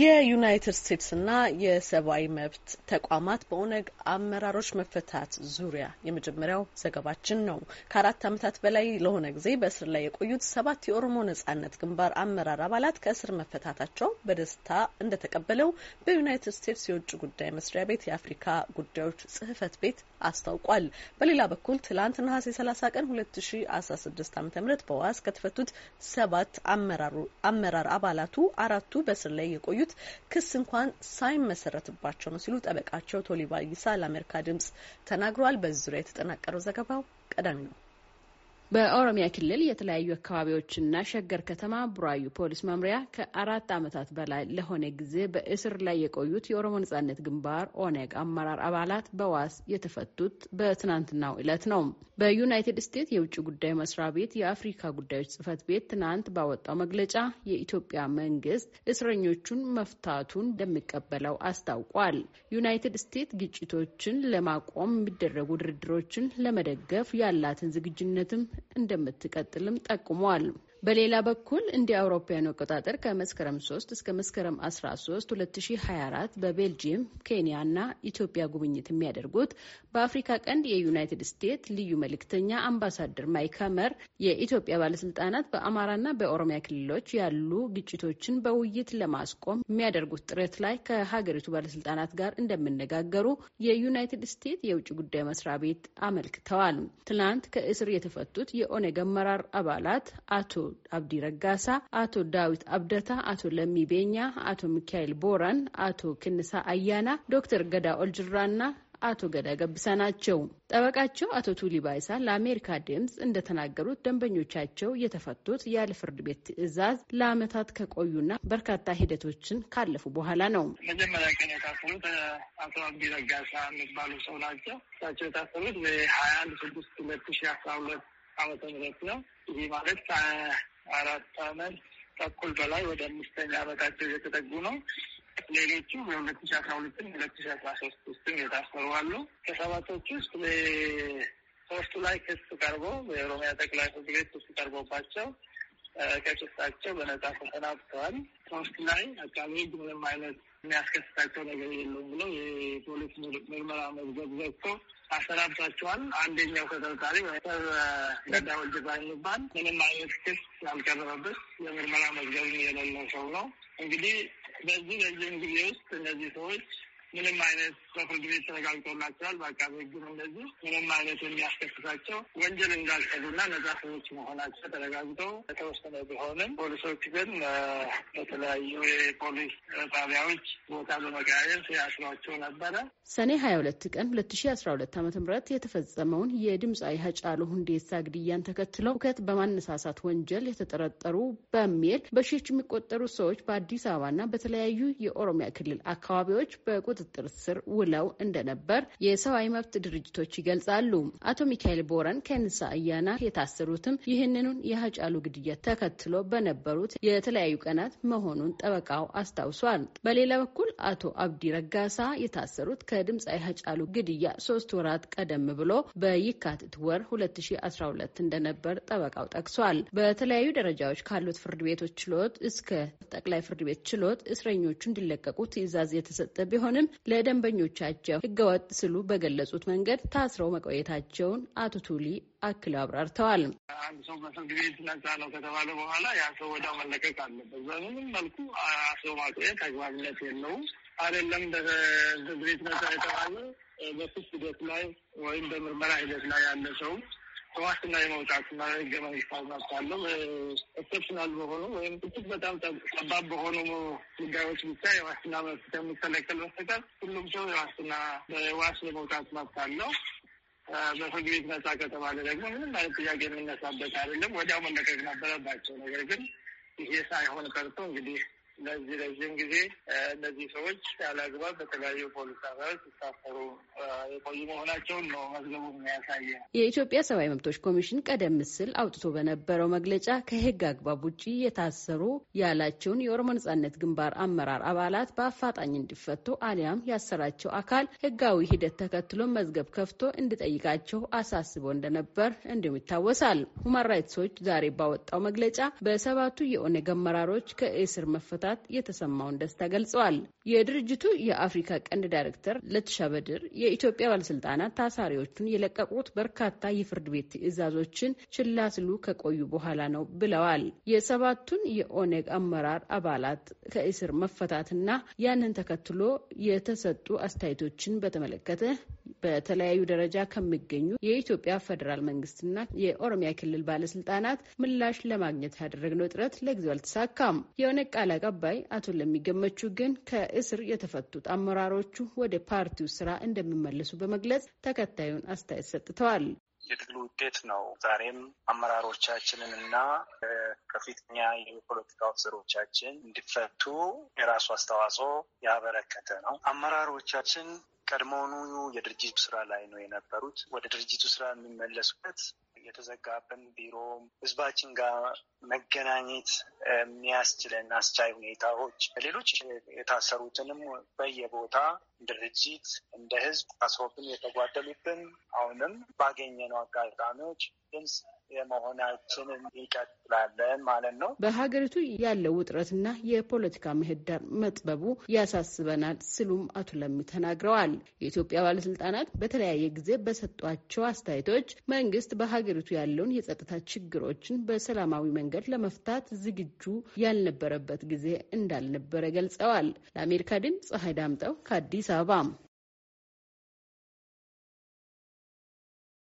የዩናይትድ ስቴትስና የሰብአዊ መብት ተቋማት በኦነግ አመራሮች መፈታት ዙሪያ የመጀመሪያው ዘገባችን ነው። ከአራት ዓመታት በላይ ለሆነ ጊዜ በእስር ላይ የቆዩት ሰባት የኦሮሞ ነጻነት ግንባር አመራር አባላት ከእስር መፈታታቸው በደስታ እንደተቀበለው በዩናይትድ ስቴትስ የውጭ ጉዳይ መስሪያ ቤት የአፍሪካ ጉዳዮች ጽህፈት ቤት አስታውቋል። በሌላ በኩል ትላንት ነሐሴ 30 ቀን 2016 ዓ ም በዋስ ከተፈቱት ሰባት አመራር አባላቱ አራቱ በእስር ላይ የቆዩ የቆዩት ክስ እንኳን ሳይመሰረትባቸው ነው ሲሉ ጠበቃቸው ቶሊባ ይሳ ለአሜሪካ ድምጽ ተናግረዋል። በዚህ ዙሪያ የተጠናቀረው ዘገባው ቀዳሚ ነው። በኦሮሚያ ክልል የተለያዩ አካባቢዎችና ሸገር ከተማ ቡራዩ ፖሊስ መምሪያ ከአራት ዓመታት በላይ ለሆነ ጊዜ በእስር ላይ የቆዩት የኦሮሞ ነጻነት ግንባር ኦነግ አመራር አባላት በዋስ የተፈቱት በትናንትናው ዕለት ነው። በዩናይትድ ስቴትስ የውጭ ጉዳይ መስሪያ ቤት የአፍሪካ ጉዳዮች ጽህፈት ቤት ትናንት ባወጣው መግለጫ የኢትዮጵያ መንግስት እስረኞቹን መፍታቱን እንደሚቀበለው አስታውቋል። ዩናይትድ ስቴትስ ግጭቶችን ለማቆም የሚደረጉ ድርድሮችን ለመደገፍ ያላትን ዝግጁነትም እንደምትቀጥልም ጠቁመዋል። በሌላ በኩል እንደ አውሮፓውያን አቆጣጠር ከመስከረም 3 እስከ መስከረም 13 2024 በቤልጂየም፣ ኬንያ እና ኢትዮጵያ ጉብኝት የሚያደርጉት በአፍሪካ ቀንድ የዩናይትድ ስቴትስ ልዩ መልእክተኛ አምባሳደር ማይክ ሀመር የኢትዮጵያ ባለስልጣናት በአማራና በኦሮሚያ ክልሎች ያሉ ግጭቶችን በውይይት ለማስቆም የሚያደርጉት ጥረት ላይ ከሀገሪቱ ባለስልጣናት ጋር እንደሚነጋገሩ የዩናይትድ ስቴትስ የውጭ ጉዳይ መስሪያ ቤት አመልክተዋል። ትናንት ከእስር የተፈቱት የኦነግ አመራር አባላት አቶ አብዲ ረጋሳ፣ አቶ ዳዊት አብደታ፣ አቶ ለሚ ቤኛ፣ አቶ ሚካኤል ቦራን፣ አቶ ክንሳ አያና፣ ዶክተር ገዳ ኦልጅራና አቶ ገዳ ገብሳ ናቸው። ጠበቃቸው አቶ ቱሊ ባይሳ ለአሜሪካ ድምፅ እንደተናገሩት ደንበኞቻቸው የተፈቱት ያለ ፍርድ ቤት ትዕዛዝ ለዓመታት ከቆዩና በርካታ ሂደቶችን ካለፉ በኋላ ነው። መጀመሪያ ቀን የታሰሩት አቶ አብዲ ረጋሳ የሚባሉ ሰው ናቸው። እሳቸው የታሰሩት በሀያ አንድ ስድስት ሁለት ሺ አስራ ሁለት ዓመተ ምህረት ነው። ይህ ማለት ከአራት አመት ተኩል በላይ ወደ አምስተኛ አመታቸው እየተጠጉ ነው። ሌሎቹ በሁለት ሺ አስራ ሁለትም ሁለት ሺ አስራ ሶስት ውስጥም የታሰሩ አሉ። ከሰባቶች ውስጥ ሶስቱ ላይ ክስ ቀርቦ የኦሮሚያ ጠቅላይ ፍርድ ቤት ክስ ቀርቦባቸው ከጭፍታቸው በነጻ ተሰናብተዋል። ሶስት ላይ አካባቢ ምንም አይነት የሚያስከስታቸው ነገር የለውም ብለው የፖሊስ ምርመራ መዝገብ ዘግቶ አሰናብቷቸዋል። አንደኛው ከተጠርጣሪ ዶክተር ገዳ ወልጅባ የሚባል ምንም አይነት ክስ ያልቀረበበት የምርመራ መዝገብ የሌለው ሰው ነው። እንግዲህ በዚህ በዚህም ጊዜ ውስጥ እነዚህ ሰዎች ምንም አይነት በፍርድ ቤት ተረጋግጦላቸዋል። በቃ በህግም እንደዚህ ምንም አይነት የሚያስከስታቸው ወንጀል እንዳልሰሩና ነጻ ሰዎች መሆናቸው ተረጋግጦ የተወሰነ ቢሆንም ፖሊሶች ግን በተለያዩ የፖሊስ ጣቢያዎች ቦታ በመቀያየር ሲያስሯቸው ነበረ። ሰኔ ሀያ ሁለት ቀን ሁለት ሺ አስራ ሁለት ዓመተ ምህረት የተፈጸመውን የድምፃዊ ሀጫሉ ሁንዴሳ ግድያን ተከትለው ሁከት በማነሳሳት ወንጀል የተጠረጠሩ በሚል በሺዎች የሚቆጠሩ ሰዎች በአዲስ አበባና በተለያዩ የኦሮሚያ ክልል አካባቢዎች በቁ ቁጥጥር ስር ውለው እንደነበር የሰብአዊ መብት ድርጅቶች ይገልጻሉ። አቶ ሚካኤል ቦረን ከንሳ አያና የታሰሩትም ይህንኑን የሀጫሉ ግድያ ተከትሎ በነበሩት የተለያዩ ቀናት መሆኑን ጠበቃው አስታውሷል። በሌላ በኩል አቶ አብዲ ረጋሳ የታሰሩት ከድምፃዊ ሀጫሉ ግድያ ሶስት ወራት ቀደም ብሎ በየካቲት ወር 2012 እንደነበር ጠበቃው ጠቅሷል። በተለያዩ ደረጃዎች ካሉት ፍርድ ቤቶች ችሎት እስከ ጠቅላይ ፍርድ ቤት ችሎት እስረኞቹ እንዲለቀቁ ትዕዛዝ የተሰጠ ቢሆንም ግን ለደንበኞቻቸው ህገወጥ ስሉ በገለጹት መንገድ ታስረው መቆየታቸውን አቶ ቱሊ አክለው አብራርተዋል። አንድ ሰው በፍርድ ቤት ነጻ ነው ከተባለ በኋላ ያ ሰው ወዲያው መለቀቅ አለበት። በምንም መልኩ አስሮ ማቆየት አግባብነት የለውም። አይደለም በፍርድ ቤት ነጻ የተባለ በክስ ሂደት ላይ ወይም በምርመራ ሂደት ላይ ያለ ሰው ከዋስትና የመውጣት ህገ መንግስታዊ መብት አለው። ኤክሴፕሽናል በሆኑ ወይም እጅግ በጣም ጠባብ በሆኑ ጉዳዮች ብቻ የዋስትና መብት ከሚከለከል በስተቀር ሁሉም ሰው የዋስትና በዋስ የመውጣት መብት አለው። በፍርድ ቤት ነጻ ከተባለ ደግሞ ምንም አይነት ጥያቄ የሚነሳበት አይደለም። ወዲያው መለቀቅ ነበረባቸው። ነገር ግን ይሄ ሳይሆን ቀርቶ እንግዲህ እነዚህ ረዥም ጊዜ እነዚህ ሰዎች ያለአግባብ በተለያዩ ፖሊስ አባላት ሲታሰሩ የቆዩ መሆናቸውን ነው መዝገቡ የሚያሳየ። የኢትዮጵያ ሰብአዊ መብቶች ኮሚሽን ቀደም ሲል አውጥቶ በነበረው መግለጫ ከህግ አግባብ ውጭ የታሰሩ ያላቸውን የኦሮሞ ነጻነት ግንባር አመራር አባላት በአፋጣኝ እንዲፈቱ አሊያም ያሰራቸው አካል ህጋዊ ሂደት ተከትሎ መዝገብ ከፍቶ እንዲጠይቃቸው አሳስቦ እንደነበር እንዲሁም ይታወሳል። ሁማን ራይትስ ዎች ዛሬ ባወጣው መግለጫ በሰባቱ የኦነግ አመራሮች ከእስር መፈታ በመነሳት የተሰማውን ደስታ ገልጸዋል። የድርጅቱ የአፍሪካ ቀንድ ዳይሬክተር ለትሻ በድር የኢትዮጵያ ባለስልጣናት ታሳሪዎቹን የለቀቁት በርካታ የፍርድ ቤት ትዕዛዞችን ችላ ከቆዩ በኋላ ነው ብለዋል። የሰባቱን የኦነግ አመራር አባላት ከእስር መፈታትና ያንን ተከትሎ የተሰጡ አስተያየቶችን በተመለከተ በተለያዩ ደረጃ ከሚገኙ የኢትዮጵያ ፌዴራል መንግስትና የኦሮሚያ ክልል ባለስልጣናት ምላሽ ለማግኘት ያደረግነው ጥረት ለጊዜው አልተሳካም። የኦነግ ቃል አቀባይ አቶ ለሚገመቹ ግን ከእስር የተፈቱት አመራሮቹ ወደ ፓርቲው ስራ እንደሚመለሱ በመግለጽ ተከታዩን አስተያየት ሰጥተዋል። የትግሉ ውጤት ነው። ዛሬም አመራሮቻችንን እና ከፊተኛ የፖለቲካ አውሰሮቻችን እንዲፈቱ የራሱ አስተዋጽኦ ያበረከተ ነው። አመራሮቻችን ቀድሞውኑ የድርጅቱ ስራ ላይ ነው የነበሩት። ወደ ድርጅቱ ስራ የሚመለሱበት የተዘጋብን ቢሮ ህዝባችን ጋር መገናኘት የሚያስችለን አስቻይ ሁኔታዎች፣ ሌሎች የታሰሩትንም በየቦታ ድርጅት እንደ ህዝብ አስሮብን የተጓደሉብን አሁንም ባገኘነው አጋጣሚዎች ድምፅ የመሆናችን እንቀጥላለን ማለት ነው። በሀገሪቱ ያለው ውጥረትና የፖለቲካ ምህዳር መጥበቡ ያሳስበናል ሲሉም አቶ ለሚ ተናግረዋል። የኢትዮጵያ ባለስልጣናት በተለያየ ጊዜ በሰጧቸው አስተያየቶች መንግስት በሀገሪቱ ያለውን የጸጥታ ችግሮችን በሰላማዊ መንገድ ለመፍታት ዝግጁ ያልነበረበት ጊዜ እንዳልነበረ ገልጸዋል። ለአሜሪካ ድምፅ ፀሐይ ዳምጠው ከአዲስ አበባ